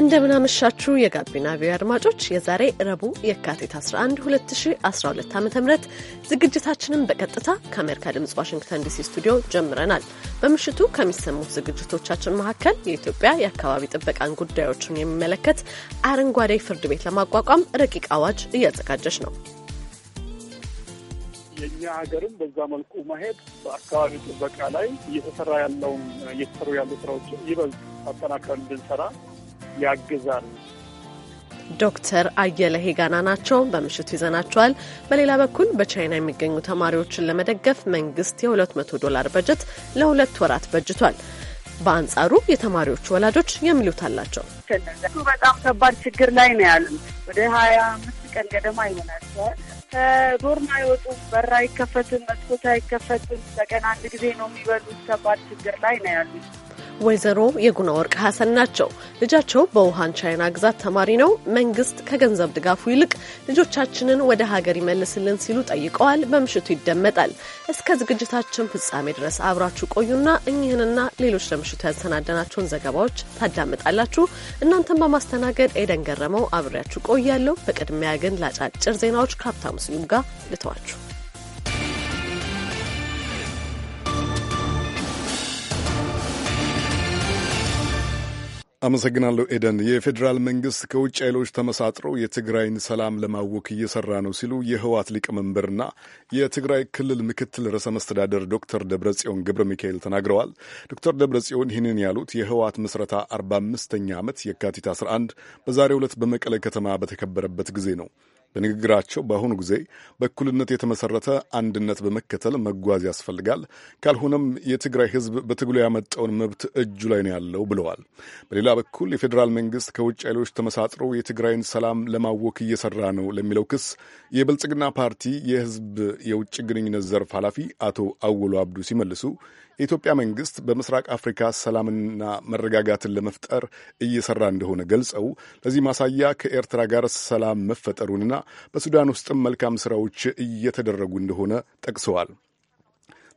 እንደምናመሻችሁ የጋቢና ቪ አድማጮች የዛሬ ረቡ የካቲት 11 2012 ዓ ም ዝግጅታችንን በቀጥታ ከአሜሪካ ድምፅ ዋሽንግተን ዲሲ ስቱዲዮ ጀምረናል። በምሽቱ ከሚሰሙት ዝግጅቶቻችን መካከል የኢትዮጵያ የአካባቢ ጥበቃን ጉዳዮችን የሚመለከት አረንጓዴ ፍርድ ቤት ለማቋቋም ረቂቅ አዋጅ እያዘጋጀች ነው። የእኛ ሀገርም በዛ መልኩ መሄድ በአካባቢ ጥበቃ ላይ እየተሰራ ያለውን እየተሰሩ ያሉ ስራዎችን ይበልጥ አጠናክረን እንድንሰራ ያግዛል። ዶክተር አየለ ሄጋና ናቸው። በምሽቱ ይዘናቸዋል። በሌላ በኩል በቻይና የሚገኙ ተማሪዎችን ለመደገፍ መንግስት የ200 ዶላር በጀት ለሁለት ወራት በጅቷል። በአንጻሩ የተማሪዎቹ ወላጆች የሚሉት አላቸው። በጣም ከባድ ችግር ላይ ነው ያሉ ወደ ሀያ አምስት ቀን ገደማ ይሆናቸዋል። ከዶርም አይወጡም። በር አይከፈትም፣ መስኮት አይከፈትም። በቀን አንድ ጊዜ ነው የሚበሉት። ከባድ ችግር ላይ ነው ያሉት። ወይዘሮ የጉና ወርቅ ሀሰን ናቸው። ልጃቸው በውሃን ቻይና ግዛት ተማሪ ነው። መንግስት ከገንዘብ ድጋፉ ይልቅ ልጆቻችንን ወደ ሀገር ይመልስልን ሲሉ ጠይቀዋል። በምሽቱ ይደመጣል። እስከ ዝግጅታችን ፍጻሜ ድረስ አብራችሁ ቆዩና እኚህንና ሌሎች ለምሽቱ ያሰናደናቸውን ዘገባዎች ታዳምጣላችሁ። እናንተን በማስተናገድ ኤደን ገረመው አብሬያችሁ ቆያለሁ። በቅድሚያ ግን ለአጫጭር ዜናዎች ከሀብታሙ ስዩም ጋር ልተዋችሁ። አመሰግናለሁ ኤደን። የፌዴራል መንግስት ከውጭ ኃይሎች ተመሳጥረው የትግራይን ሰላም ለማወክ እየሰራ ነው ሲሉ የህወሓት ሊቀመንበርና የትግራይ ክልል ምክትል ርዕሰ መስተዳደር ዶክተር ደብረጽዮን ገብረ ሚካኤል ተናግረዋል። ዶክተር ደብረጽዮን ይህንን ያሉት የህወሓት ምስረታ 45ኛ ዓመት የካቲት 11 በዛሬው ዕለት በመቀለ ከተማ በተከበረበት ጊዜ ነው። በንግግራቸው በአሁኑ ጊዜ በእኩልነት የተመሰረተ አንድነት በመከተል መጓዝ ያስፈልጋል፣ ካልሆነም የትግራይ ህዝብ በትግሉ ያመጣውን መብት እጁ ላይ ነው ያለው ብለዋል። በሌላ በኩል የፌዴራል መንግስት ከውጭ ኃይሎች ተመሳጥሮ የትግራይን ሰላም ለማወክ እየሰራ ነው ለሚለው ክስ የብልጽግና ፓርቲ የህዝብ የውጭ ግንኙነት ዘርፍ ኃላፊ አቶ አወሎ አብዱ ሲመልሱ የኢትዮጵያ መንግስት በምስራቅ አፍሪካ ሰላምና መረጋጋትን ለመፍጠር እየሰራ እንደሆነ ገልጸው ለዚህ ማሳያ ከኤርትራ ጋር ሰላም መፈጠሩንና በሱዳን ውስጥም መልካም ስራዎች እየተደረጉ እንደሆነ ጠቅሰዋል።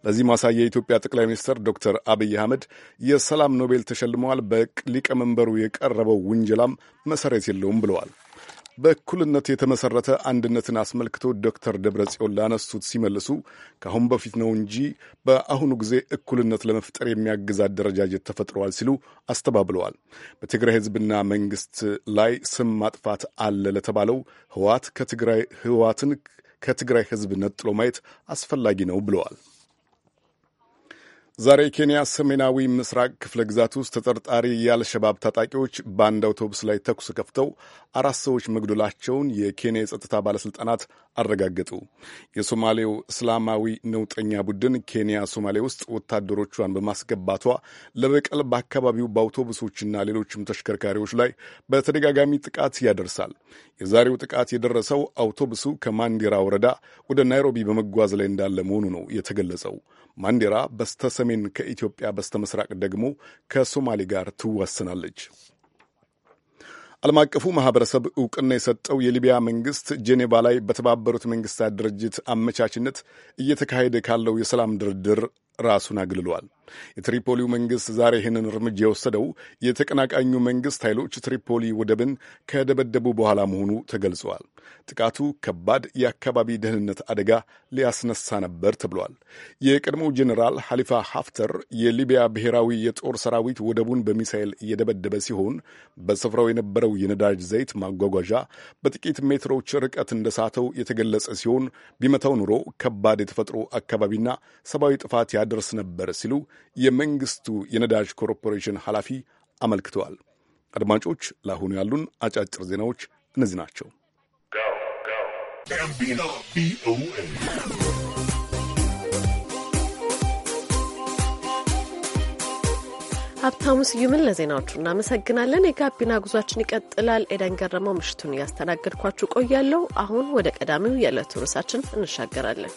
ለዚህ ማሳያ የኢትዮጵያ ጠቅላይ ሚኒስትር ዶክተር አብይ አህመድ የሰላም ኖቤል ተሸልመዋል። በሊቀመንበሩ የቀረበው ውንጀላም መሰረት የለውም ብለዋል። በእኩልነት የተመሰረተ አንድነትን አስመልክቶ ዶክተር ደብረጽዮን ላነሱት ሲመልሱ ከአሁን በፊት ነው እንጂ በአሁኑ ጊዜ እኩልነት ለመፍጠር የሚያግዝ አደረጃጀት ተፈጥረዋል ሲሉ አስተባብለዋል። በትግራይ ሕዝብና መንግስት ላይ ስም ማጥፋት አለ ለተባለው ህወሓት ከትግራይ ህወሓትን ከትግራይ ሕዝብ ነጥሎ ማየት አስፈላጊ ነው ብለዋል። ዛሬ ኬንያ ሰሜናዊ ምስራቅ ክፍለ ግዛት ውስጥ ተጠርጣሪ የአልሸባብ ታጣቂዎች በአንድ አውቶቡስ ላይ ተኩስ ከፍተው አራት ሰዎች መግደላቸውን የኬንያ የጸጥታ ባለሥልጣናት አረጋገጡ። የሶማሌው እስላማዊ ነውጠኛ ቡድን ኬንያ ሶማሌ ውስጥ ወታደሮቿን በማስገባቷ ለበቀል በአካባቢው በአውቶቡሶችና ሌሎችም ተሽከርካሪዎች ላይ በተደጋጋሚ ጥቃት ያደርሳል። የዛሬው ጥቃት የደረሰው አውቶቡሱ ከማንዴራ ወረዳ ወደ ናይሮቢ በመጓዝ ላይ እንዳለ መሆኑ ነው የተገለጸው። ማንዴራ በስተሰ ሰሜን ከኢትዮጵያ በስተምስራቅ ደግሞ ከሶማሌ ጋር ትዋስናለች። ዓለም አቀፉ ማህበረሰብ እውቅና የሰጠው የሊቢያ መንግስት ጄኔቫ ላይ በተባበሩት መንግስታት ድርጅት አመቻችነት እየተካሄደ ካለው የሰላም ድርድር ራሱን አግልሏል። የትሪፖሊው መንግሥት ዛሬ ይህንን እርምጃ የወሰደው የተቀናቃኙ መንግሥት ኃይሎች ትሪፖሊ ወደብን ከደበደቡ በኋላ መሆኑ ተገልጸዋል። ጥቃቱ ከባድ የአካባቢ ደህንነት አደጋ ሊያስነሳ ነበር ተብሏል። የቀድሞው ጄኔራል ሐሊፋ ሀፍተር የሊቢያ ብሔራዊ የጦር ሰራዊት ወደቡን በሚሳኤል እየደበደበ ሲሆን በስፍራው የነበረው የነዳጅ ዘይት ማጓጓዣ በጥቂት ሜትሮች ርቀት እንደሳተው የተገለጸ ሲሆን ቢመታው ኑሮ ከባድ የተፈጥሮ አካባቢና ሰብአዊ ጥፋት ያደርስ ነበር ሲሉ የመንግስቱ የነዳጅ ኮርፖሬሽን ኃላፊ አመልክተዋል። አድማጮች፣ ለአሁኑ ያሉን አጫጭር ዜናዎች እነዚህ ናቸው። ሀብታሙ ስዩምን ለዜናዎቹ እናመሰግናለን። የጋቢና ጉዟችን ይቀጥላል። ኤደን ገረመው ምሽቱን እያስተናገድኳችሁ ቆያለሁ። አሁን ወደ ቀዳሚው የዕለቱ ርዕሳችን እንሻገራለን።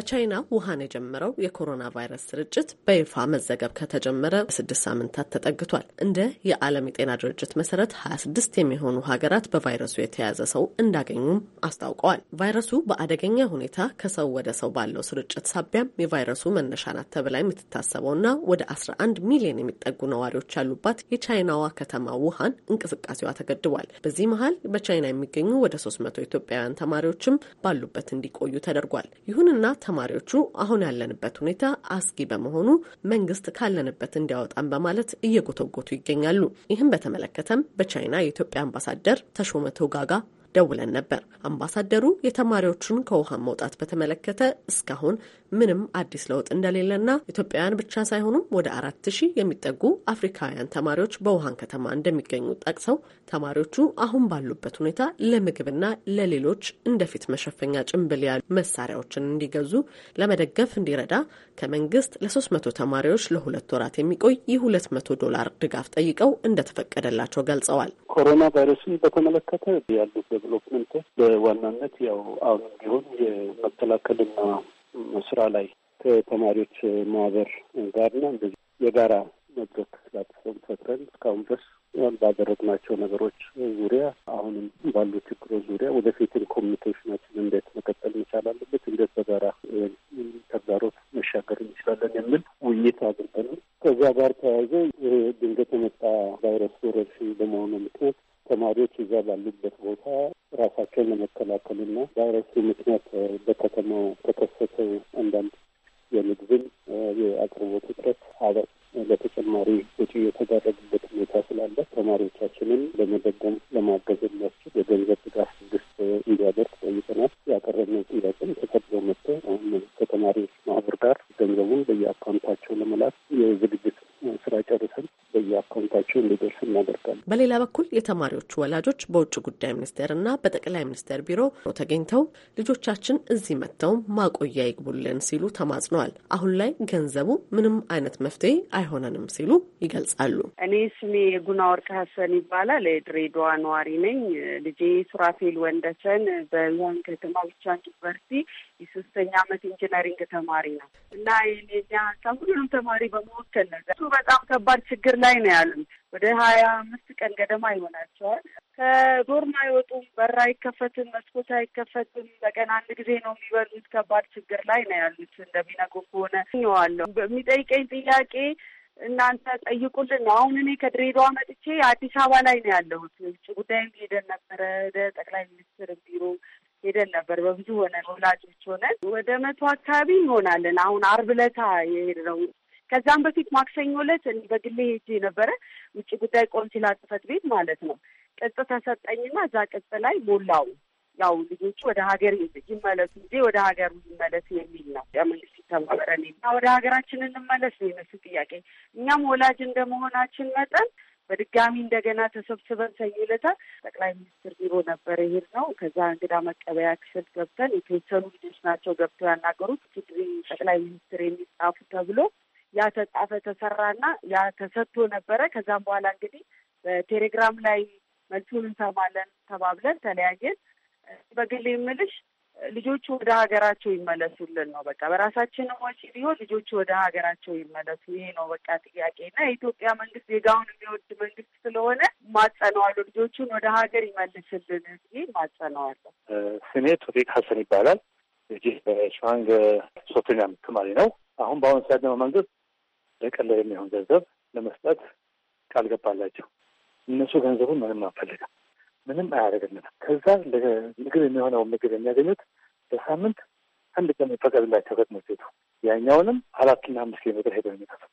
በቻይና ውሃን የጀመረው የኮሮና ቫይረስ ስርጭት በይፋ መዘገብ ከተጀመረ ስድስት ሳምንታት ተጠግቷል። እንደ የዓለም የጤና ድርጅት መሰረት 26 የሚሆኑ ሀገራት በቫይረሱ የተያዘ ሰው እንዳገኙም አስታውቀዋል። ቫይረሱ በአደገኛ ሁኔታ ከሰው ወደ ሰው ባለው ስርጭት ሳቢያም የቫይረሱ መነሻ ናት ተብላ የምትታሰበውና ወደ 11 ሚሊዮን የሚጠጉ ነዋሪዎች ያሉባት የቻይናዋ ከተማ ውሃን እንቅስቃሴዋ ተገድቧል። በዚህ መሀል በቻይና የሚገኙ ወደ 300 ኢትዮጵያውያን ተማሪዎችም ባሉበት እንዲቆዩ ተደርጓል። ይሁንና ተማሪዎቹ አሁን ያለንበት ሁኔታ አስጊ በመሆኑ መንግስት ካለንበት እንዲያወጣን በማለት እየጎተጎቱ ይገኛሉ። ይህም በተመለከተም በቻይና የኢትዮጵያ አምባሳደር ተሾመ ጋጋ ደውለን ነበር። አምባሳደሩ የተማሪዎቹን ከውሃ መውጣት በተመለከተ እስካሁን ምንም አዲስ ለውጥ እንደሌለና ኢትዮጵያውያን ብቻ ሳይሆኑም ወደ አራት ሺህ የሚጠጉ አፍሪካውያን ተማሪዎች በውሃን ከተማ እንደሚገኙ ጠቅሰው ተማሪዎቹ አሁን ባሉበት ሁኔታ ለምግብና ለሌሎች እንደፊት መሸፈኛ ጭንብል ያሉ መሳሪያዎችን እንዲገዙ ለመደገፍ እንዲረዳ ከመንግስት ለሶስት መቶ ተማሪዎች ለሁለት ወራት የሚቆይ የሁለት መቶ ዶላር ድጋፍ ጠይቀው እንደተፈቀደላቸው ገልጸዋል። ኮሮና ቫይረስን በተመለከተ ያሉ ዴቨሎፕመንቶች በዋናነት ያው አሁን ቢሆን የመከላከልና ስራ ላይ ከተማሪዎች ማህበር ጋርና እንደዚህ የጋራ መድረክ ፕላትፎርም ፈጥረን እስካሁን ድረስ ባደረግናቸው ነገሮች ዙሪያ አሁንም ባሉ ችግሮች ዙሪያ ወደፊትን ኮሚኒኬሽናችን እንዴት መቀጠል መቻል አለበት፣ እንዴት በጋራ ተግዳሮት መሻገር እንችላለን የሚል ውይይት አድርገን ከዚያ ጋር ተያይዞ ድንገት የመጣ ቫይረስ ወረርሽኝ በመሆኑ ምክንያት ተማሪዎች እዛ ባሉበት ቦታ ለመከላከል ለመከላከልና ቫይረሱ ምክንያት በከተማው ተከሰተው አንዳንድ የምግብን የአቅርቦት እጥረት አበ ለተጨማሪ ወጪ የተዳረጉበት ሁኔታ ስላለ ተማሪዎቻችንን ለመደጎም ለማገዝ የሚያስችል የገንዘብ ተማሪዎቹ እንዲደርስ እናደርጋለን። በሌላ በኩል የተማሪዎቹ ወላጆች በውጭ ጉዳይ ሚኒስቴር እና በጠቅላይ ሚኒስቴር ቢሮ ተገኝተው ልጆቻችን እዚህ መጥተው ማቆያ ይግቡልን ሲሉ ተማጽነዋል። አሁን ላይ ገንዘቡ ምንም አይነት መፍትሄ አይሆነንም ሲሉ ይገልጻሉ። እኔ ስሜ የጉና ወርቅ ሀሰን ይባላል። የድሬዳዋ ነዋሪ ነኝ። ልጄ ሱራፌል ወንደሰን በዛን ከተማ ብቻ ዩኒቨርሲቲ የሶስተኛ ዓመት ኢንጂነሪንግ ተማሪ ነው እና የኔኛ ሀሳብ ሁሉንም ተማሪ በመወከል ነገር እሱ በጣም ከባድ ችግር ላይ ነው ያሉት። ወደ ሀያ አምስት ቀን ገደማ ይሆናቸዋል። ከዶርም አይወጡም። በር አይከፈትም፣ መስኮት አይከፈትም። በቀን አንድ ጊዜ ነው የሚበሉት። ከባድ ችግር ላይ ነው ያሉት እንደሚነጉ ከሆነ ኘዋለሁ በሚጠይቀኝ ጥያቄ እናንተ ጠይቁልን ነው። አሁን እኔ ከድሬዳዋ መጥቼ አዲስ አበባ ላይ ነው ያለሁት። ውጭ ጉዳይም ሄደን ነበረ ጠቅላይ ሚኒስትር ቢሮ ሄደን ነበር። በብዙ ሆነን ወላጆች ሆነን ወደ መቶ አካባቢ እንሆናለን። አሁን አርብ ዕለት የሄድነው ከዛም በፊት ማክሰኞ ዕለት በግሌ ሄጄ ነበረ። ውጭ ጉዳይ ቆንሲላ ጽሕፈት ቤት ማለት ነው። ቅጽ ተሰጠኝና እዛ ቅጽ ላይ ሞላው ያው ልጆቹ ወደ ሀገር ይመለሱ ጊዜ ወደ ሀገሩ ይመለስ የሚል ነው። መንግስት ይተባበረን እና ወደ ሀገራችን እንመለስ ነው የነሱ ጥያቄ። እኛም ወላጅ እንደመሆናችን መጠን በድጋሚ እንደገና ተሰብስበን ሰኞ ዕለት ጠቅላይ ሚኒስትር ቢሮ ነበር ይሄድ ነው። ከዛ እንግዳ መቀበያ ክፍል ገብተን የተወሰኑ ልጆች ናቸው ገብተው ያናገሩት ትግሪ ጠቅላይ ሚኒስትር የሚጻፉ ተብሎ ያ ተጻፈ ተሰራና ያ ተሰጥቶ ነበረ። ከዛም በኋላ እንግዲህ በቴሌግራም ላይ መልሱን እንሰማለን ተባብለን ተለያየን። በግል የምልሽ ልጆቹ ወደ ሀገራቸው ይመለሱልን ነው። በቃ በራሳችንም ወጪ ቢሆን ልጆቹ ወደ ሀገራቸው ይመለሱ፣ ይሄ ነው በቃ ጥያቄ እና የኢትዮጵያ መንግስት ዜጋውን የሚወድ መንግስት ስለሆነ ማጸነዋለሁ። ልጆቹን ወደ ሀገር ይመልስልን ብዬ ማጸነዋለሁ። ስሜ ቶፊቅ ሀሰን ይባላል። እዚህ በሸዋንግ ሶስተኛ ተማሪ ነው። አሁን በአሁኑ ሰዓት ደግሞ መንግስት ለቀለብ የሚሆን ገንዘብ ለመስጠት ቃል ገባላቸው። እነሱ ገንዘቡን ምንም አንፈልግም ምንም አያደርግልንም። ከዛ ምግብ የሚሆነው ምግብ የሚያገኙት በሳምንት አንድ ቀን ፈቀድላቸው ከትምህርት ቤቱ ያኛውንም አራትና አምስት ኪሎ ሜትር ሄደው የሚጠፉት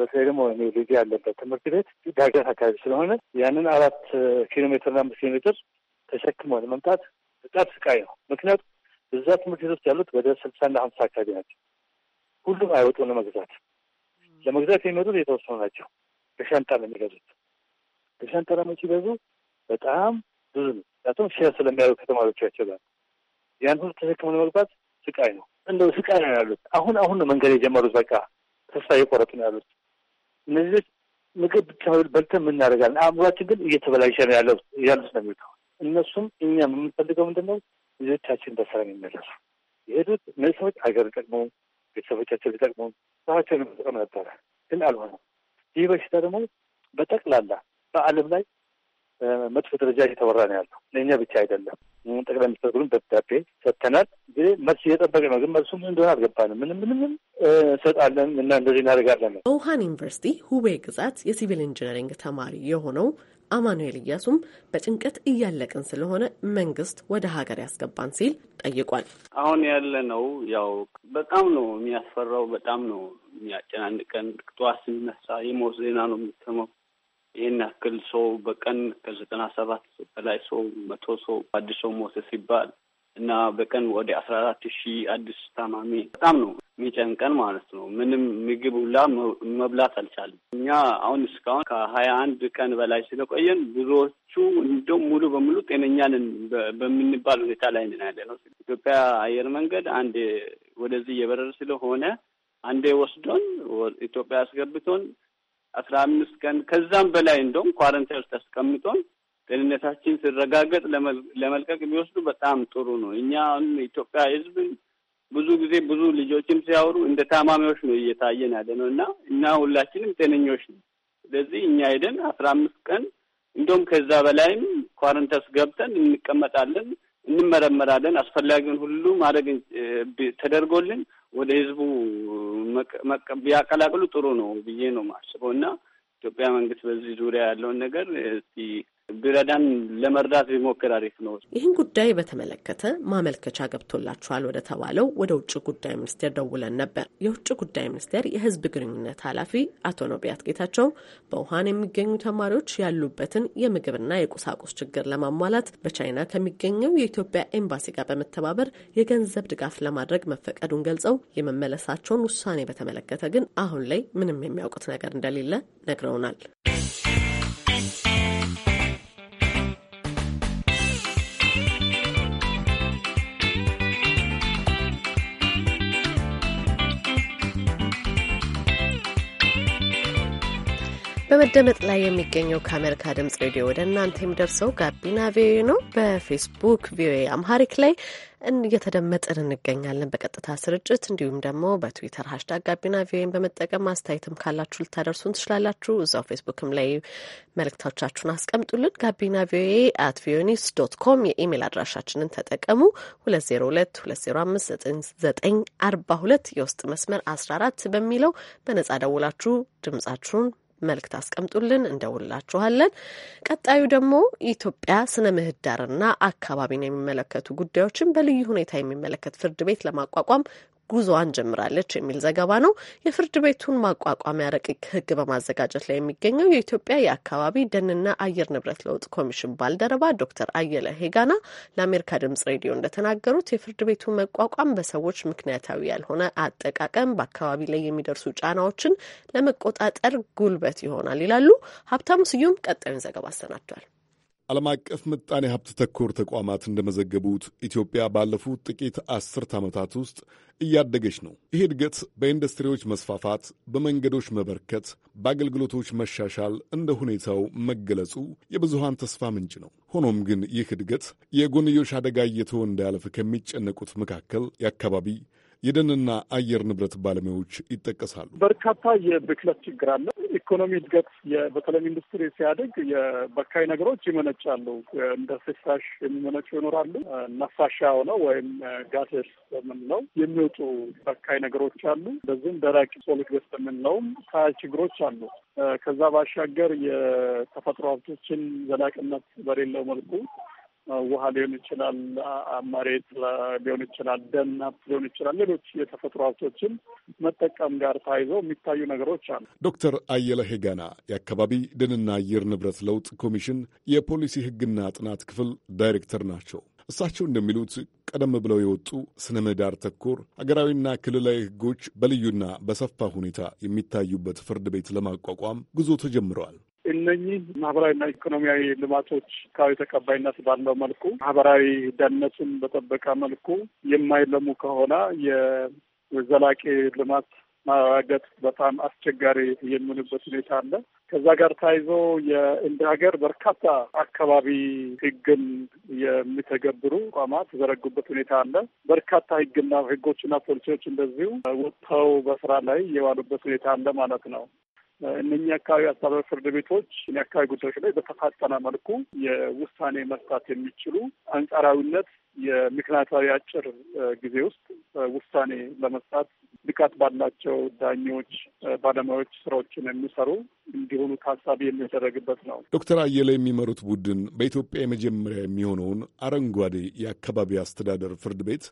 በተለይ ደግሞ እኔ ልጅ ያለበት ትምህርት ቤት ዳገት አካባቢ ስለሆነ ያንን አራት ኪሎ ሜትርና አምስት ኪሎ ሜትር ተሸክሞ ለመምጣት በጣም ስቃይ ነው። ምክንያቱም እዛ ትምህርት ቤቶች ያሉት ወደ ስልሳና ሀምሳ አካባቢ ናቸው። ሁሉም አይወጡ ለመግዛት ለመግዛት የሚመጡት የተወሰኑ ናቸው። በሻንጣ ነው የሚገዙት። በሻንጣ ደግሞ ሲገዙ በጣም ብዙ ነው። ምክንያቱም ሼር ስለሚያዩ ከተማሪዎቻቸው ጋር ያን ሁሉ ተሸክሞ መግባት ስቃይ ነው። እንደው ስቃይ ነው ያሉት። አሁን አሁን ነው መንገድ የጀመሩት። በቃ ተስፋ እየቆረጡ ነው ያሉት። እነዚህ ምግብ ብቻ በልተን የምናደርጋለን፣ አእምሯችን ግን እየተበላሸ ነው ያሉት ነው የሚሉት። እነሱም እኛም የምንፈልገው ምንድን ነው? ልጆቻችን በሰላም ይመለሱ። የሄዱት እነዚህ ሰዎች ሀገር ጠቅሞ ቤተሰቦቻቸው ሊጠቅሙ ስራቸውን ጠቅም ነበረ፣ ግን አልሆነም። ይህ በሽታ ደግሞ በጠቅላላ በዓለም ላይ መጥፎ ደረጃ እየተወራ ነው ያለው። ለእኛ ብቻ አይደለም። ጠቅላይ ሚኒስትር ግሩም ደብዳቤ ሰጥተናል። ግን መልስ እየጠበቀ ነው። ግን መልሱ ምን እንደሆነ አልገባንም። ምንም ምንም እንሰጣለን እና እንደዚህ እናደርጋለን። በውሃን ዩኒቨርሲቲ ሁቤ ግዛት የሲቪል ኢንጂነሪንግ ተማሪ የሆነው አማኑኤል እያሱም በጭንቀት እያለቅን ስለሆነ መንግስት ወደ ሀገር ያስገባን ሲል ጠይቋል። አሁን ያለነው ያው በጣም ነው የሚያስፈራው፣ በጣም ነው የሚያጨናንቀን። ጠዋት ስንነሳ የሞት ዜና ነው የሚሰማው ይህን ያክል ሰው በቀን ከዘጠና ሰባት በላይ ሰው መቶ ሰው አዲስ ሰው ሞተ ሲባል እና በቀን ወደ አስራ አራት ሺህ አዲስ ታማሚ በጣም ነው የሚጨንቀን ማለት ነው። ምንም ምግብ ሁላ መብላት አልቻለም። እኛ አሁን እስካሁን ከሀያ አንድ ቀን በላይ ስለቆየን ብዙዎቹ እንደም ሙሉ በሙሉ ጤነኛንን በምንባል ሁኔታ ላይ ነን ያለ ነው። ኢትዮጵያ አየር መንገድ አንዴ ወደዚህ እየበረረ ስለሆነ አንዴ ወስዶን ኢትዮጵያ አስገብቶን አስራ አምስት ቀን ከዛም በላይ እንደውም ኳረንታይን ተስቀምጦን ጤንነታችን ሲረጋገጥ ለመልቀቅ ቢወስዱ በጣም ጥሩ ነው። እኛ አሁን ኢትዮጵያ ሕዝብ ብዙ ጊዜ ብዙ ልጆችም ሲያወሩ እንደ ታማሚዎች ነው እየታየን ያለ ነው እና እና ሁላችንም ጤነኞች ነው። ስለዚህ እኛ ሄደን አስራ አምስት ቀን እንደውም ከዛ በላይም ኳረንተስ ገብተን እንቀመጣለን፣ እንመረመራለን። አስፈላጊውን ሁሉ ማድረግ ተደርጎልን ወደ ህዝቡ ቢያቀላቅሉ ጥሩ ነው ብዬ ነው ማስበው እና ኢትዮጵያ መንግስት በዚህ ዙሪያ ያለውን ነገር እስቲ ቢረዳን ለመርዳት ቢሞክር አሪፍ ነው። ይህን ጉዳይ በተመለከተ ማመልከቻ ገብቶላችኋል ወደ ተባለው ወደ ውጭ ጉዳይ ሚኒስቴር ደውለን ነበር። የውጭ ጉዳይ ሚኒስቴር የህዝብ ግንኙነት ኃላፊ አቶ ነቢያት ጌታቸው በውሃን የሚገኙ ተማሪዎች ያሉበትን የምግብና የቁሳቁስ ችግር ለማሟላት በቻይና ከሚገኘው የኢትዮጵያ ኤምባሲ ጋር በመተባበር የገንዘብ ድጋፍ ለማድረግ መፈቀዱን ገልጸው የመመለሳቸውን ውሳኔ በተመለከተ ግን አሁን ላይ ምንም የሚያውቁት ነገር እንደሌለ ነግረውናል። በመደመጥ ላይ የሚገኘው ከአሜሪካ ድምጽ ሬዲዮ ወደ እናንተ የሚደርሰው ጋቢና ቪኦኤ ነው። በፌስቡክ ቪኦኤ አምሃሪክ ላይ እየተደመጥን እንገኛለን በቀጥታ ስርጭት። እንዲሁም ደግሞ በትዊተር ሀሽታግ ጋቢና ቪኦኤን በመጠቀም አስተያየትም ካላችሁ ልታደርሱን ትችላላችሁ። እዛው ፌስቡክም ላይ መልእክቶቻችሁን አስቀምጡልን። ጋቢና ቪኦኤ አት ቪኦኤ ኒውስ ዶት ኮም የኢሜል አድራሻችንን ተጠቀሙ። ሁለት ዜሮ ሁለት ሁለት ዜሮ አምስት ዘጠኝ ዘጠኝ አርባ ሁለት የውስጥ መስመር አስራ አራት በሚለው በነጻ ደውላችሁ ድምጻችሁን መልእክት አስቀምጡልን፣ እንደውላችኋለን። ቀጣዩ ደግሞ ኢትዮጵያ ስነ ምህዳርና አካባቢን የሚመለከቱ ጉዳዮችን በልዩ ሁኔታ የሚመለከት ፍርድ ቤት ለማቋቋም ጉዞዋን ጀምራለች የሚል ዘገባ ነው። የፍርድ ቤቱን ማቋቋሚያ ረቂቅ ሕግ በማዘጋጀት ላይ የሚገኘው የኢትዮጵያ የአካባቢ ደንና አየር ንብረት ለውጥ ኮሚሽን ባልደረባ ዶክተር አየለ ሄጋና ለአሜሪካ ድምጽ ሬዲዮ እንደተናገሩት የፍርድ ቤቱ መቋቋም በሰዎች ምክንያታዊ ያልሆነ አጠቃቀም በአካባቢ ላይ የሚደርሱ ጫናዎችን ለመቆጣጠር ጉልበት ይሆናል ይላሉ። ሀብታሙ ስዩም ቀጣዩን ዘገባ አሰናድቷል። ዓለም አቀፍ ምጣኔ ሀብት ተኮር ተቋማት እንደመዘገቡት ኢትዮጵያ ባለፉት ጥቂት አስርት ዓመታት ውስጥ እያደገች ነው። ይህ እድገት በኢንዱስትሪዎች መስፋፋት፣ በመንገዶች መበርከት፣ በአገልግሎቶች መሻሻል እንደ ሁኔታው መገለጹ የብዙሃን ተስፋ ምንጭ ነው። ሆኖም ግን ይህ እድገት የጎንዮሽ አደጋ እየተወ እንዳያልፍ ከሚጨነቁት መካከል የአካባቢ የደንና አየር ንብረት ባለሙያዎች ይጠቀሳሉ። በርካታ የብክለት ችግር አለ። ኢኮኖሚ እድገት በተለይም ኢንዱስትሪ ሲያድግ የበካይ ነገሮች ይመነጫሉ። እንደ ፍሳሽ የሚመነጩ ይኖራሉ። ነፋሻ ሆነው ወይም ጋሴስ የምንለው የሚወጡ በካይ ነገሮች አሉ። እንደዚህም ደራቂ ሶሊድ ዌስት የምንለውም ችግሮች አሉ። ከዛ ባሻገር የተፈጥሮ ሀብቶችን ዘላቂነት በሌለው መልኩ ውሃ ሊሆን ይችላል፣ መሬት ሊሆን ይችላል፣ ደን ሊሆን ይችላል። ሌሎች የተፈጥሮ ሀብቶችን መጠቀም ጋር ታይዘው የሚታዩ ነገሮች አሉ። ዶክተር አየለ ሄጋና የአካባቢ ደንና አየር ንብረት ለውጥ ኮሚሽን የፖሊሲ ሕግና ጥናት ክፍል ዳይሬክተር ናቸው። እሳቸው እንደሚሉት ቀደም ብለው የወጡ ስነ ምህዳር ተኮር ሀገራዊና ክልላዊ ሕጎች በልዩና በሰፋ ሁኔታ የሚታዩበት ፍርድ ቤት ለማቋቋም ጉዞ ተጀምረዋል። እነኚህ ማህበራዊና ኢኮኖሚያዊ ልማቶች አካባቢ ተቀባይነት ባለው መልኩ ማህበራዊ ደህንነትን በጠበቀ መልኩ የማይለሙ ከሆነ የዘላቂ ልማት ማረጋገጥ በጣም አስቸጋሪ የሚሆንበት ሁኔታ አለ። ከዛ ጋር ተያይዞ እንደ ሀገር በርካታ አካባቢ ህግን የሚተገብሩ ተቋማት የተዘረጉበት ሁኔታ አለ። በርካታ ህግና ህጎችና ፖሊሲዎች እንደዚሁ ወጥተው በስራ ላይ የዋሉበት ሁኔታ አለ ማለት ነው። እነኚህ አካባቢ አስተዳደር ፍርድ ቤቶች እኔ አካባቢ ጉዳዮች ላይ በተፋጠነ መልኩ የውሳኔ መስጠት የሚችሉ አንጻራዊነት የምክንያታዊ አጭር ጊዜ ውስጥ ውሳኔ ለመስጣት ብቃት ባላቸው ዳኞች፣ ባለሙያዎች ስራዎችን የሚሰሩ እንዲሆኑ ታሳቢ የሚደረግበት ነው። ዶክተር አየለ የሚመሩት ቡድን በኢትዮጵያ የመጀመሪያ የሚሆነውን አረንጓዴ የአካባቢ አስተዳደር ፍርድ ቤት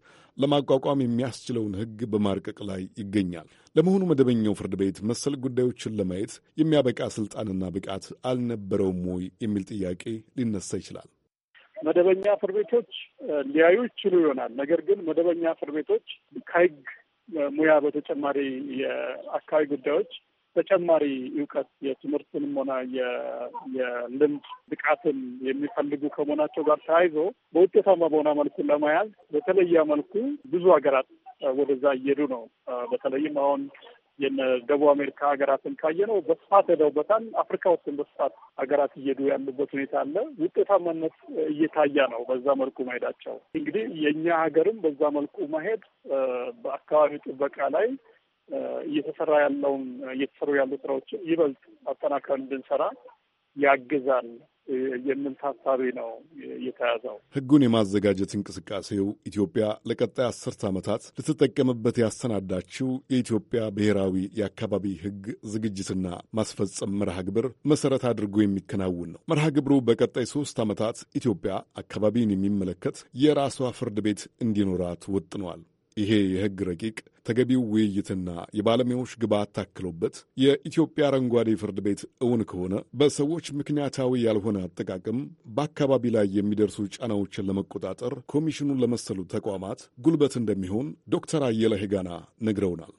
ለማቋቋም የሚያስችለውን ሕግ በማርቀቅ ላይ ይገኛል። ለመሆኑ መደበኛው ፍርድ ቤት መሰል ጉዳዮችን ለማየት የሚያበቃ ስልጣንና ብቃት አልነበረውም ወይ የሚል ጥያቄ ሊነሳ ይችላል። መደበኛ ፍርድ ቤቶች ሊያዩ ይችሉ ይሆናል። ነገር ግን መደበኛ ፍርድ ቤቶች ከህግ ሙያ በተጨማሪ የአካባቢ ጉዳዮች ተጨማሪ እውቀት የትምህርትንም ሆነ የልምድ ብቃትን የሚፈልጉ ከመሆናቸው ጋር ተያይዞ በውጤታማ በሆነ መልኩ ለመያዝ በተለየ መልኩ ብዙ ሀገራት ወደዛ እየሄዱ ነው። በተለይም አሁን የደቡብ አሜሪካ ሀገራትን ነው በስፋት ሄደውበታል። አፍሪካ ውስጥም በስፋት ሀገራት እየሄዱ ያሉበት ሁኔታ አለ። ውጤታማነት እየታየ ነው። በዛ መልኩ መሄዳቸው እንግዲህ የእኛ ሀገርም በዛ መልኩ መሄድ በአካባቢ ጥበቃ ላይ እየተሰራ ያለውን እየተሰሩ ያሉ ስራዎችን ይበልጥ አጠናክረን እንድንሰራ ያግዛል። የሚል ታሳቢ ነው የተያዘው። ሕጉን የማዘጋጀት እንቅስቃሴው ኢትዮጵያ ለቀጣይ አስርት ዓመታት ልትጠቀምበት ያሰናዳችው የኢትዮጵያ ብሔራዊ የአካባቢ ህግ ዝግጅትና ማስፈጸም መርሃ ግብር መሰረት አድርጎ የሚከናውን ነው። መርሃ ግብሩ በቀጣይ ሶስት ዓመታት ኢትዮጵያ አካባቢን የሚመለከት የራሷ ፍርድ ቤት እንዲኖራት ወጥነዋል። ይሄ የሕግ ረቂቅ ተገቢው ውይይትና የባለሙያዎች ግብዓት ታክሎበት የኢትዮጵያ አረንጓዴ ፍርድ ቤት እውን ከሆነ በሰዎች ምክንያታዊ ያልሆነ አጠቃቀም በአካባቢ ላይ የሚደርሱ ጫናዎችን ለመቆጣጠር ኮሚሽኑን ለመሰሉ ተቋማት ጉልበት እንደሚሆን ዶክተር አየለ ሄጋና ነግረውናል።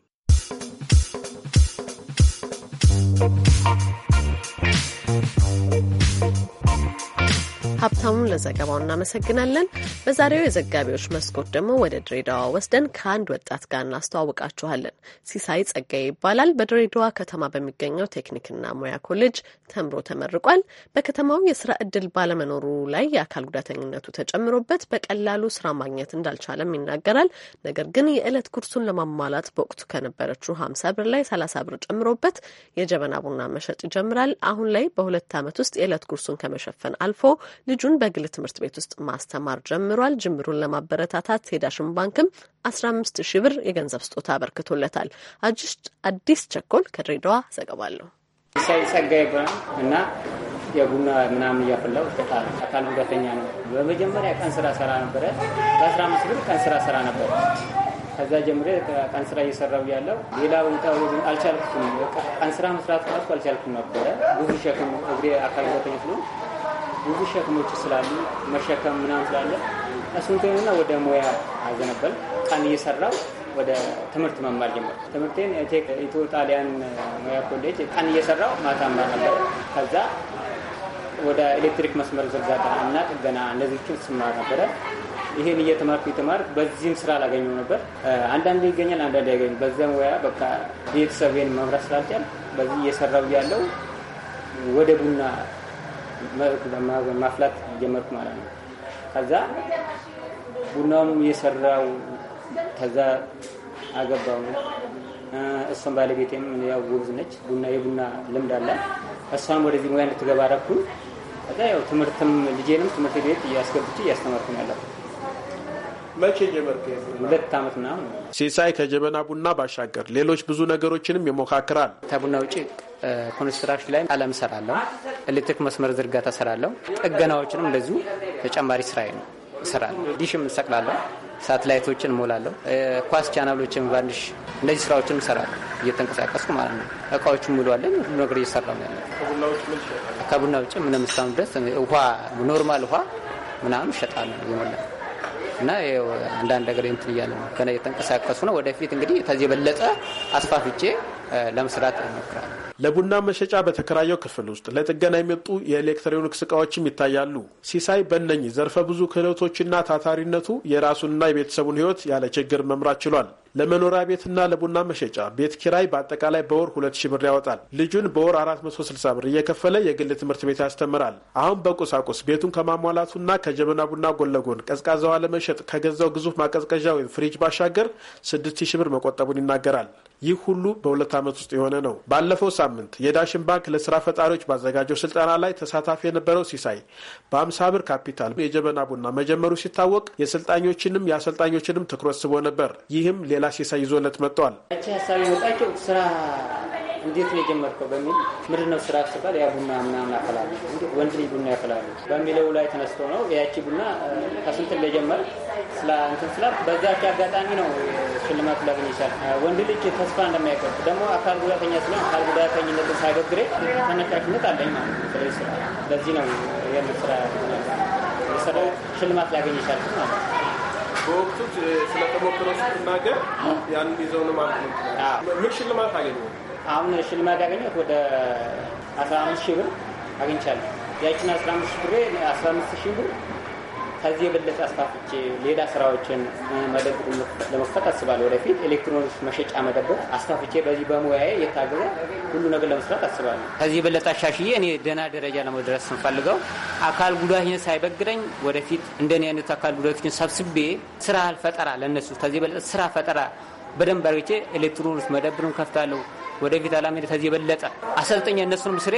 ሀብታሙን ለዘገባው እናመሰግናለን። በዛሬው የዘጋቢዎች መስኮት ደግሞ ወደ ድሬዳዋ ወስደን ከአንድ ወጣት ጋር እናስተዋውቃችኋለን። ሲሳይ ጸጋዬ ይባላል። በድሬዳዋ ከተማ በሚገኘው ቴክኒክና ሙያ ኮሌጅ ተምሮ ተመርቋል። በከተማው የስራ እድል ባለመኖሩ ላይ የአካል ጉዳተኝነቱ ተጨምሮበት በቀላሉ ስራ ማግኘት እንዳልቻለም ይናገራል። ነገር ግን የዕለት ጉርሱን ለማሟላት በወቅቱ ከነበረችው ሀምሳ ብር ላይ ሰላሳ ብር ጨምሮበት የጀበና ቡና መሸጥ ይጀምራል። አሁን ላይ በሁለት ዓመት ውስጥ የዕለት ጉርሱን ከመሸፈን አልፎ ልጁን በግል ትምህርት ቤት ውስጥ ማስተማር ጀምሯል። ጅምሩን ለማበረታታት ሄዳሽን ባንክም አስራ አምስት ሺህ ብር የገንዘብ ስጦታ አበርክቶለታል። አዲስ ቸኮል ከድሬዳዋ ዘገባለሁ። ጸጋ ይባላል እና የቡና ምናምን እያፈላው ይሸጣል። አካል ጉዳተኛ ነው። በመጀመሪያ ቀን ስራ ሰራ ነበረ። በአስራ አምስት ብር ቀን ስራ ሰራ ነበረ። ከዛ ጀምሬ ቀን ስራ እየሰራው ያለው ሌላ ውጣ አልቻልኩም። ቀን ስራ መስራት ካልኩ አልቻልኩም ነበረ። ብዙ ሸክም እግሬ አካል ጉዳተኛ ስለሆነ ብዙ ሸክሞች ስላሉ መሸከም ምናምን ስላለ እሱንትንና ወደ ሙያ አዘነበል ቀን እየሰራው ወደ ትምህርት መማር ጀመር። ትምህርቴን ኢትዮ ጣሊያን ሙያ ኮሌጅ ቀን እየሰራው ማታ ማር ነበር። ከዛ ወደ ኤሌክትሪክ መስመር ዝርጋታ እና ጥገና እንደዚችን ስማር ነበረ። ይህን እየተማርኩ የተማርኩ በዚህም ስራ አላገኘው ነበር። አንዳንድ ይገኛል፣ አንዳንድ ያገኝ። በዛ ሙያ በቃ ቤተሰቤን መምራት ስላልቻል በዚህ እየሰራው ያለው ወደ ቡና ማፍላት ጀመርኩ ማለት ነው። ከዛ ቡናውም የሰራው ከዛ አገባው። እሷም ባለቤቴም ያው ጎብዝ ነች፣ ቡና የቡና ልምድ አላት። እሷም ወደዚህ ሙያ እንድትገባ አደረኩኝ። ከዛ ያው ትምህርትም ልጄንም ትምህርት ቤት እያስገብቼ ነው ያለሁ መቼ ጀመርክ? ሁለት ዓመት ምናምን። ሲሳይ ከጀበና ቡና ባሻገር ሌሎች ብዙ ነገሮችንም ይሞካክራል። ከቡና ውጭ ኮንስትራክሽን ላይ ቀለም እሰራለሁ፣ ኤሌክትሪክ መስመር ዝርጋታ እሰራለሁ፣ ጥገናዎችንም እንደዚሁ ተጨማሪ ስራ ነው እሰራለሁ። ዲሽም እሰቅላለሁ፣ ሳትላይቶችን እሞላለሁ፣ ኳስ ቻናሎችን፣ ቫንዲሽ እነዚህ ስራዎችን እሰራለሁ። እየተንቀሳቀስኩ ማለት ነው። እቃዎቹ ሙሏለኝ፣ ሁሉ ነገር እየሰራሁ ያለ። ከቡና ውጭ ምንም እስካሁን ድረስ ውሃ፣ ኖርማል ውሃ ምናምን እሸጣለሁ ይሞላል እና አንዳንድ ነገር እንትን እያለ ነው ከነ የተንቀሳቀሱ ነው። ወደፊት እንግዲህ ከዚህ የበለጠ አስፋፍቼ ለመስራት እሞክራለሁ። ለቡና መሸጫ በተከራየው ክፍል ውስጥ ለጥገና የመጡ የኤሌክትሮኒክስ እቃዎችም ይታያሉ። ሲሳይ በነኝ ዘርፈ ብዙ ክህሎቶችና ታታሪነቱ የራሱንና የቤተሰቡን ሕይወት ያለ ችግር መምራት ችሏል። ለመኖሪያ ቤትና ለቡና መሸጫ ቤት ኪራይ በአጠቃላይ በወር ሁለት ብር ያወጣል። ልጁን በወር 460 ብር እየከፈለ የግል ትምህርት ቤት ያስተምራል። አሁን በቁሳቁስ ቤቱን ከማሟላቱና ከጀበና ቡና ጎን ለጎን ቀዝቃዛ ውሃ ለመሸጥ ከገዛው ግዙፍ ማቀዝቀዣ ወይም ፍሪጅ ባሻገር 6000 ብር መቆጠቡን ይናገራል። ይህ ሁሉ በሁለት ዓመት ውስጥ የሆነ ነው። ባለፈው ሳምንት የዳሽን ባንክ ለስራ ፈጣሪዎች ባዘጋጀው ስልጠና ላይ ተሳታፊ የነበረው ሲሳይ በአምሳ ብር ካፒታል የጀበና ቡና መጀመሩ ሲታወቅ የስልጣኞችንም የአሰልጣኞችንም ትኩረት ስቦ ነበር። ይህም ሌላ ሲሳይ ይዞለት ስራ እንዴት ነው የጀመርከው በሚል ምንድን ነው ስራ ስባል ያ ቡና ምናምን ያፈላሉ ወንድ ልጅ ቡና ያፈላሉ በሚለው ላይ ተነስቶ ነው ያቺ ቡና ከስንት እንደጀመር እንትን ስላት በዛች አጋጣሚ ነው ሽልማት ላገኝ ይቻል። ወንድ ልጅ ተስፋ እንደማይቆርጥ ደግሞ አካል ጉዳተኛ ስለ አካል ጉዳተኝነትን ሳይበግሬ ተነቃሽነት አለኝ ማለት ነው። ስለዚህ ስራ ለዚህ ነው ይህን ስራ የሰራው ሽልማት ላገኝ ይቻል ማለት ነው። በወቅቱ ስለ ተሞክሮ ስትናገር ያን ይዘውን ማለት ነው። ምን ሽልማት አገኘ? አሁን ሽልማት ያገኘሁት ወደ አስራ ሺህ ብር አግኝቻለሁ። ያችን 15 አምስት ሺህ ብሬ አስራ ሺህ ብር ከዚህ የበለጠ አስፋፍቼ ሌላ ስራዎችን መደብር ለመክፈት አስባለሁ። ወደፊት ኤሌክትሮኒክስ መሸጫ መደብር አስፋፍቼ በዚህ በሙያዬ የታገዘ ሁሉ ነገር ለመስራት አስባለሁ። ከዚህ የበለጠ አሻሽዬ እኔ ደህና ደረጃ ለመድረስ ስንፈልገው አካል ጉዳተኝነት ሳይበግረኝ ወደፊት እንደኔ አይነት አካል ጉዳተኞችን ሰብስቤ ስራ ፈጠራ ለነሱ ከዚህ የበለጠ ስራ ፈጠራ በደንብ አድርጌ ኤሌክትሮኒክስ መደብርን ከፍታለሁ። ወደፊት አላማ ከዚህ የበለጠ አሰልጠኛ እነሱንም ስሬ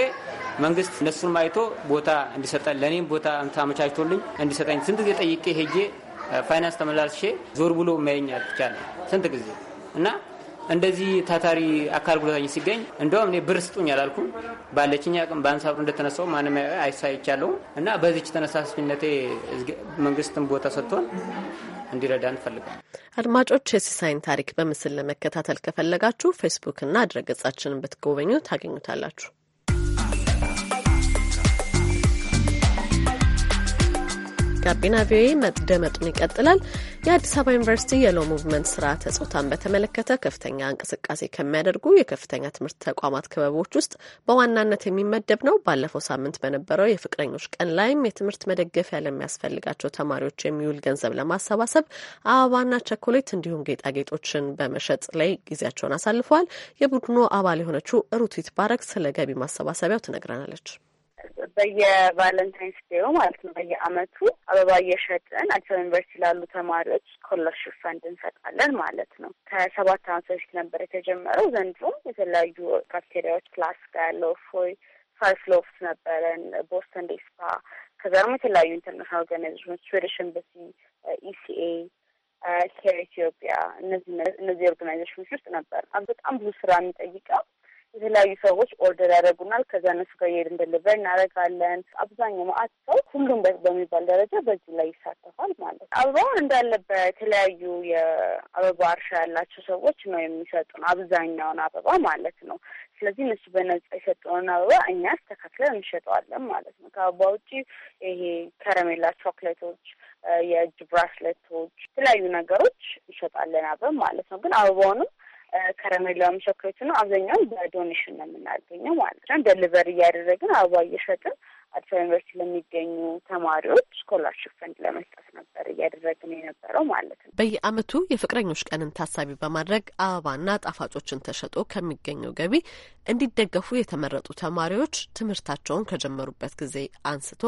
መንግስት እነሱን አይቶ ቦታ እንዲሰጠን ለእኔም ቦታ አመቻችቶልኝ እንዲሰጠኝ ስንት ጊዜ ጠይቄ ሄጄ ፋይናንስ ተመላልሼ ዞር ብሎ ማየኝ አልቻለ ስንት ጊዜ እና እንደዚህ ታታሪ አካል ጉዳተኛ ሲገኝ እንደውም እኔ ብር ስጡኝ አላልኩም። ባለችኝ አቅም በአንሳብሩ እንደተነሳው ማንም አይሳይቻለሁም እና በዚች ተነሳሽነቴ መንግስትን ቦታ ሰጥቶን እንዲረዳ እንፈልጋለን። አድማጮች የሲሳይን ታሪክ በምስል ለመከታተል ከፈለጋችሁ ፌስቡክና ድረገጻችንን ብትጎበኙ ታገኙታላችሁ። ጋቢና ቪኦኤ መደመጡን ይቀጥላል። የአዲስ አበባ ዩኒቨርሲቲ የሎ ሙቭመንት ስርዓተ ጾታን በተመለከተ ከፍተኛ እንቅስቃሴ ከሚያደርጉ የከፍተኛ ትምህርት ተቋማት ክበቦች ውስጥ በዋናነት የሚመደብ ነው። ባለፈው ሳምንት በነበረው የፍቅረኞች ቀን ላይም የትምህርት መደገፊያ ለሚያስፈልጋቸው ተማሪዎች የሚውል ገንዘብ ለማሰባሰብ አበባና ቸኮሌት እንዲሁም ጌጣጌጦችን በመሸጥ ላይ ጊዜያቸውን አሳልፈዋል። የቡድኑ አባል የሆነችው ሩቲት ባረግ ስለ ገቢ ማሰባሰቢያው ትነግረናለች። በየቫለንታይንስ ዴው ማለት ነው በየአመቱ አበባ እየሸጥን አዲስ አበባ ዩኒቨርሲቲ ላሉ ተማሪዎች ስኮለርሽፕ ፈንድ እንሰጣለን ማለት ነው። ከሰባት አመት በፊት ነበር የተጀመረው። ዘንድሮም የተለያዩ ካፍቴሪያዎች ክላስ ጋ ያለው ፎይ ሳይፍሎፕስ ነበረን፣ ቦስተን ዴስፓ፣ ከዛ ደግሞ የተለያዩ ኢንተርናሽናል ኦርጋናይዜሽኖች ስዊዲሽ ኤምባሲ፣ ኢሲኤ ኬር ኢትዮጵያ እነዚህ እነዚህ ኦርጋናይዜሽኖች ውስጥ ነበር። በጣም ብዙ ስራ የሚጠይቀው የተለያዩ ሰዎች ኦርደር ያደረጉናል። ከዛ እነሱ ጋር እየሄድን ደልበር እናደርጋለን። አብዛኛው ማአት ሰው ሁሉም በሚባል ደረጃ በዚህ ላይ ይሳተፋል ማለት ነው። አበባውን እንዳለ በተለያዩ የአበባ እርሻ ያላቸው ሰዎች ነው የሚሰጡን አብዛኛውን አበባ ማለት ነው። ስለዚህ እነሱ በነጻ የሰጡንን አበባ እኛ አስተካክለን እንሸጠዋለን ማለት ነው። ከአበባ ውጪ ይሄ ከረሜላ፣ ቾክሌቶች፣ የእጅ ብራስሌቶች፣ የተለያዩ ነገሮች እንሸጣለን አበብ ማለት ነው። ግን አበባውንም ከረሜላ መሸከች ነው። አብዛኛውን በዶኔሽን ነው የምናገኘው ማለት ነው። ደሊቨሪ እያደረግን አበባ እየሸጥን አዲስ አበባ ዩኒቨርሲቲ ለሚገኙ ተማሪዎች ስኮላርሽፕ ፈንድ ለመስጠት ነበር እያደረግን የነበረው ማለት ነው። በየአመቱ የፍቅረኞች ቀንን ታሳቢ በማድረግ አበባና ጣፋጮችን ተሸጦ ከሚገኘው ገቢ እንዲደገፉ የተመረጡ ተማሪዎች ትምህርታቸውን ከጀመሩበት ጊዜ አንስቶ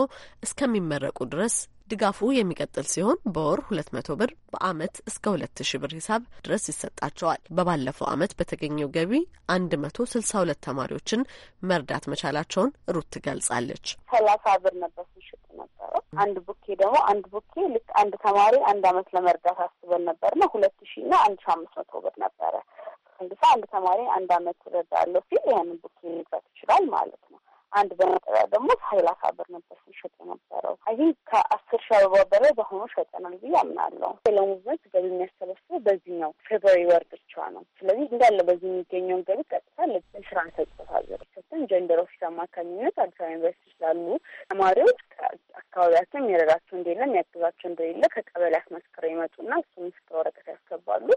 እስከሚመረቁ ድረስ ድጋፉ የሚቀጥል ሲሆን በወር ሁለት መቶ ብር በአመት እስከ ሁለት ሺ ብር ሂሳብ ድረስ ይሰጣቸዋል። በባለፈው አመት በተገኘው ገቢ አንድ መቶ ስልሳ ሁለት ተማሪዎችን መርዳት መቻላቸውን ሩት ትገልጻለች። ሰላሳ ብር ነበር ሲሽጡ ነበረው። አንድ ቡኬ ደግሞ አንድ ቡኬ ልክ አንድ ተማሪ አንድ አመት ለመርዳት አስበን ነበርና ሁለት ሺ ና አንድ ሺ አምስት መቶ ብር ነበረ ፈንድሳ አንድ ተማሪ አንድ አመት ትረዳለሁ ሲል ይህንን ቡክ መግዛት ይችላል ማለት ነው። አንድ በመጠሪያ ደግሞ ሀይላሳ ብር ነበር ሲሸጥ የነበረው። አይ ቲንክ ከአስር ሺ አበባ በላይ በአሁኑ ሸጠናል ብዬ አምናለሁ። ሌላው ሙቭመንት ገቢ የሚያሰበስበው በዚህኛው ፌብሪ ወር ብቻ ነው። ስለዚህ እንዳለ በዚህ የሚገኘውን ገቢ ቀጥታ ለስራ እንሰጥበታለን። ሰትን ጀንደር ኦፊስ አማካኝነት አዲስ አበባ ዩኒቨርሲቲ ስላሉ ተማሪዎች ከአካባቢያቸው የሚረዳቸው እንደሌለ የሚያግዛቸው እንደሌለ ከቀበሌ አስመስክረው ይመጡና እሱ ምስክር ወረቀት ያስገባሉ።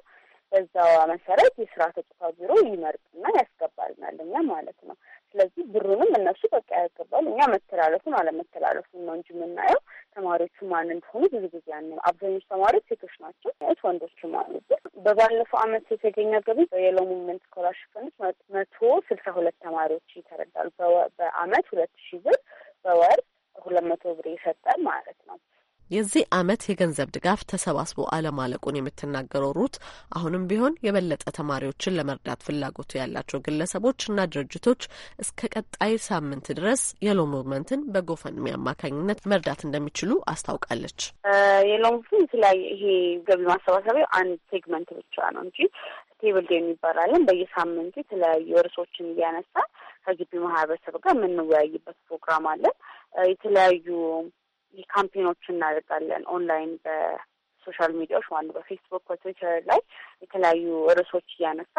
በዛዋ መሰረት የስራ ተጽፋ ቢሮ ይመርጥና ያስገባልናል እኛ ማለት ነው። ስለዚህ ብሩንም እነሱ በቃ ያስገባል። እኛ መተላለፉን አለመተላለፉን ነው እንጂ የምናየው ተማሪዎቹ ማን እንደሆኑ ብዙ ጊዜ ያን አብዛኞቹ ተማሪዎች ሴቶች ናቸው፣ ት ወንዶችም አሉበት። በባለፈው አመት የተገኘ ገቢ የሎ ሙቭመንት ስኮላርሽፕ ፈንድ መቶ ስልሳ ሁለት ተማሪዎች ይተረዳሉ። በአመት ሁለት ሺ ብር በወር ሁለት መቶ ብር ይሰጣል ማለት ነው። የዚህ ዓመት የገንዘብ ድጋፍ ተሰባስቦ አለማለቁን የምትናገረው ሩት አሁንም ቢሆን የበለጠ ተማሪዎችን ለመርዳት ፍላጎቱ ያላቸው ግለሰቦችና ድርጅቶች እስከ ቀጣይ ሳምንት ድረስ የሎ ሙቭመንትን በጎፈንድሚ አማካኝነት መርዳት እንደሚችሉ አስታውቃለች። የሎ ሙቭመንት የተለያየ ይሄ ገቢ ማሰባሰቢያ አንድ ሴግመንት ብቻ ነው እንጂ ቴብል ዴይ የሚባል በየሳምንቱ የተለያዩ እርሶችን እያነሳ ከግቢ ማህበረሰብ ጋር የምንወያይበት ፕሮግራም አለን። የተለያዩ ካምፔኖች እናደርጋለን ኦንላይን በሶሻል ሚዲያዎች ማለት በፌስቡክ በትዊተር ላይ የተለያዩ ርዕሶች እያነሳ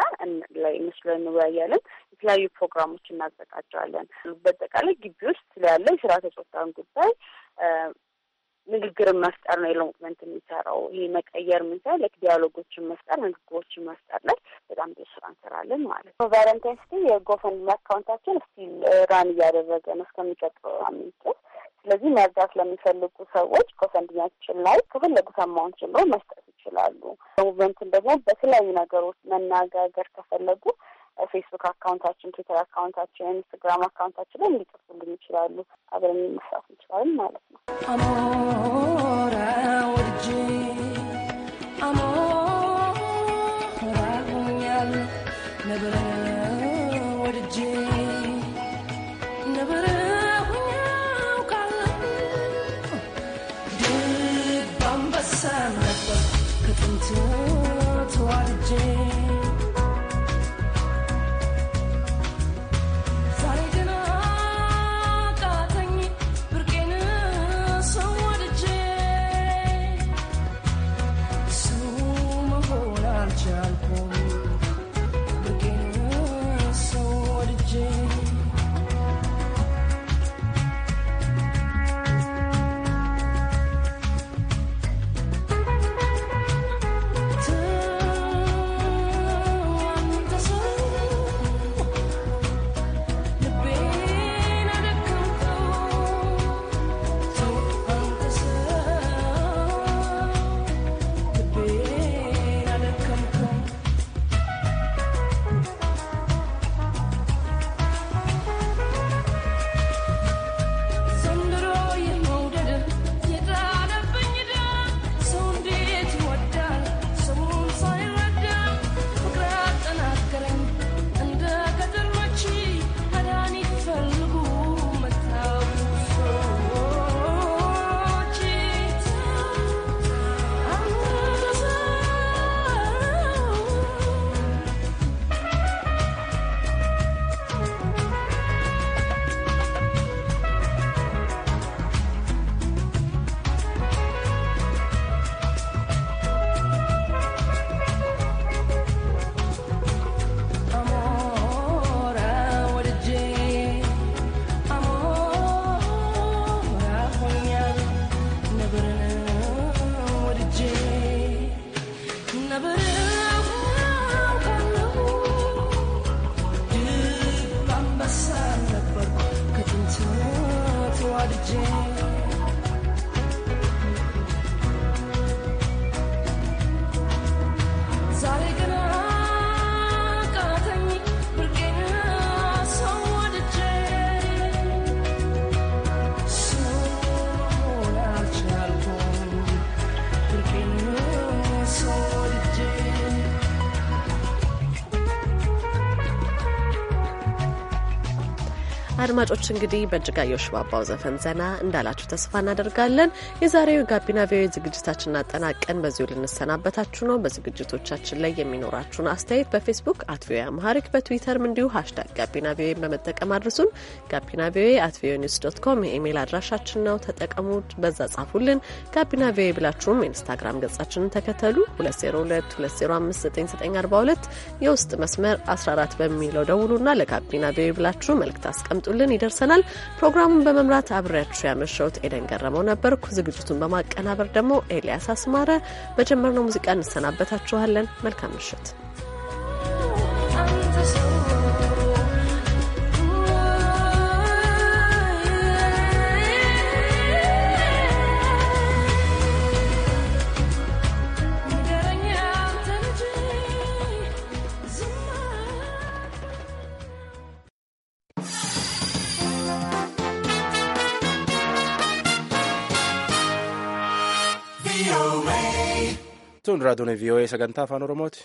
ላይ ምስሉ ላይ እንወያያለን። የተለያዩ ፕሮግራሞች እናዘጋጀዋለን። በአጠቃላይ ግቢ ውስጥ ያለ የስርዓተ ጾታን ጉዳይ ንግግርን መፍጠር ነው የሎመንት የሚሰራው። ይህ መቀየር የምንሰራ ላይክ ዲያሎጎችን መፍጠር፣ ንግግሮችን መፍጠር ላይ በጣም ብዙ ስራ እንሰራለን ማለት ነው። ቫለንታይንስ ዴይ የጎፈንድሚ አካውንታችን ስቲል ራን እያደረገ ነው እስከሚቀጥለው ሳምንት ስለዚህ መርዳት ለሚፈልጉ ሰዎች ከፈንድኛችን ላይ ከፈለጉ ሰማውን ጀምሮ መስጠት ይችላሉ። ሙቭመንትን ደግሞ በተለያዩ ነገሮች መነጋገር ከፈለጉ ፌስቡክ አካውንታችን፣ ትዊተር አካውንታችን፣ ኢንስትግራም አካውንታችን ላይ እንዲጽፉልን ይችላሉ። አብረን መስራት እንችላለን ማለት ነው። ወድጄ ወርጄ day. አድማጮች እንግዲህ በእጅጋየሁ ሽባባው ዘፈን ዘና እንዳላችሁ ተስፋ እናደርጋለን። የዛሬው ጋቢና ቪዮ ዝግጅታችንን አጠናቀን በዚሁ ልንሰናበታችሁ ነው። በዝግጅቶቻችን ላይ የሚኖራችሁን አስተያየት በፌስቡክ አት ቪኦኤ አማሪክ በትዊተርም እንዲሁ ሀሽታግ ጋቢና ቪኦኤን በመጠቀም አድርሱን። ጋቢና ቪዮ አት ቪኦኤ ኒውስ ዶት ኮም የኢሜይል አድራሻችን ነው። ተጠቀሙ፣ በዛ ጻፉልን። ጋቢና ቪዮ ብላችሁም ኢንስታግራም ገጻችንን ተከተሉ። 2022059942 የውስጥ መስመር 14 በሚለው ደውሉና ለጋቢና ቪዮ ብላችሁ መልእክት አስቀምጡልን። ብለን ይደርሰናል። ፕሮግራሙን በመምራት አብሬያችሁ ያመሸሁት ኤደን ገረመው ነበርኩ። ዝግጅቱን በማቀናበር ደግሞ ኤልያስ አስማረ። በጀመርነው ሙዚቃ እንሰናበታችኋለን። መልካም ምሽት። Tun raadiyoon VOA e sagantaa afaan